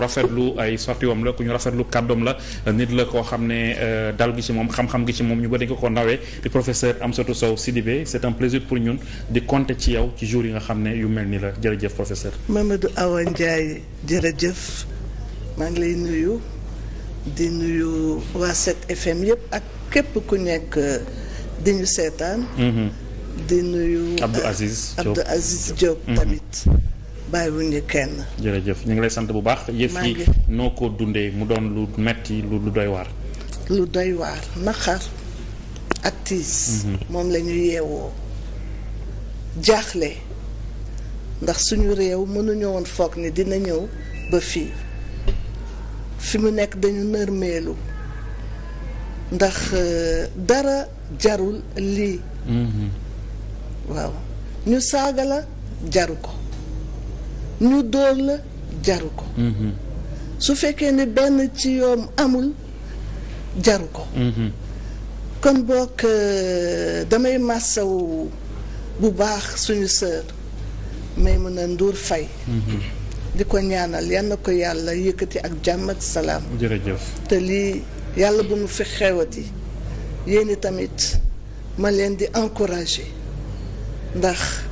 ku rafetlu ay sorti wam la ku ñu rafetlu kàddoom la nit la koo xam ne euh, dal gi ci moom xam-xam gi ci moom ñu bëri ko ko ndawee di professeur Amsatou Sow Sidibé c'est un plaisir pour ñun di compter ci yow ci jour yi nga xam ne yu mel ni la jërëjëf professeur Mamadou Awa Ndiaye jërëjëf maa ngi lay nuyu di nuyu waa 7FM yëpp ak képp ku nekk euh, di ñu seetaan mm-hmm. di nuyu Abdou euh, Aziz Abdou mm-hmm. tamit bàyyiwuñ ñu kenn. jërëjëf ñu ngi lay sant bu baax. yëf yi noo ko dundee mu doon lu metti lu lu doy waar. lu doy waar ak tiis. Mhm. moom lañuy yeewoo jaaxle ndax suñu réew mënuñu woon foog ni dina ñëw ba fii fi mu nekk dañu nërmeelu ndax euh, dara jarul lii. Mhm. waaw ñu saaga la jaru ko. ñu dóor la jaru ko mm-hmm. su fekkee ne benn ci yoon amul jaru ko mm-hmm. kon boog euh, damay màssaw bu baax suñu mën Maïmouna nduur Faye mm-hmm. di ko ñaanal yal na ko yàlla yëkkati ak jàmmat salaam jërëjëf te lii yàlla bu mu fi xewati yéen tamit ma leen di encourager ndax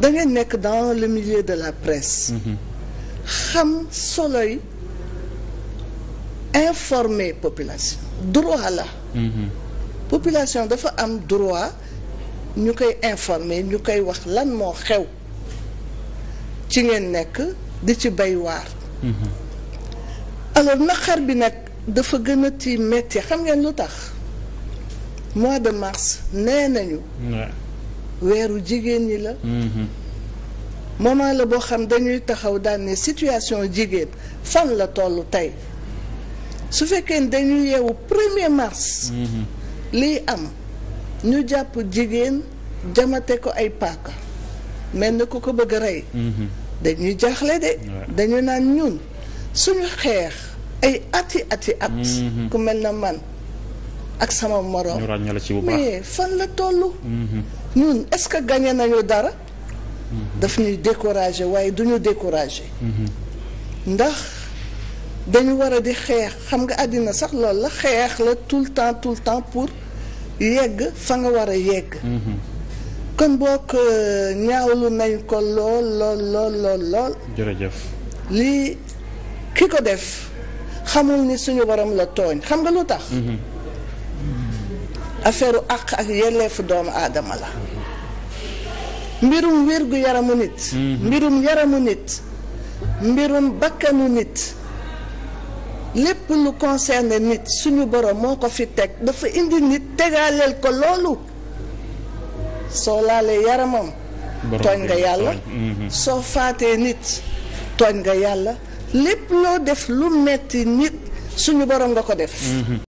da ngeen nekk dans le milieu de la presse. Mhm. xam soloy informer population. droit la. Mhm. population dafa am droit ñu koy informer ñu koy wax lan moo xew ci ngeen nekk di ci bay waar. Mhm. alors naqar bi nag dafa gën a ti metti xam ngeen lu tax mois de mars nee nañu. weeru jigéen ñi la mhm. moment la boo xam dañuy taxaw daan ne situation jigéen fan la toll tey su fekkee ne dañuy yeewu premier mars mhm. liy am ñu jàpp jigéen jamate ko ay paaka mel na ku ko bëgg a rey mhm. dañuy jaaxle de dañu naan ñun suñu xeex ay ati ati at ku mel na man ak sama moroom ñu ràññale ci bu mais fan la toll. ñun est-ce que gagné nañu dara. daf ñuy décourager waaye du ñu décourager. ndax dañu war a di xeex xam nga àddina sax lool la xeex la tout le temps tout le temps pour yegg fa nga war a yegg. kon boog euh, ñaawlu nañ ko lool lool lool lool jërëjëf. lii ki ko def xamul ni suñu borom la tooñ xam nga lu tax. Mhm. affaire àq ak yelleefu doomu aadama la mbirum wérgu yaramu nit mhm. mbirum yaramu nit mbirum bakkanu nit lépp lu concerne nit suñu borom moo ko fi teg dafa indi nit tegaaleel ko loolu soo laalee yaramam tooñ nga yàlla mhm. soo faatee nit tooñ nga yàlla lépp loo def lu metti nit suñu borom nga ko def mhm.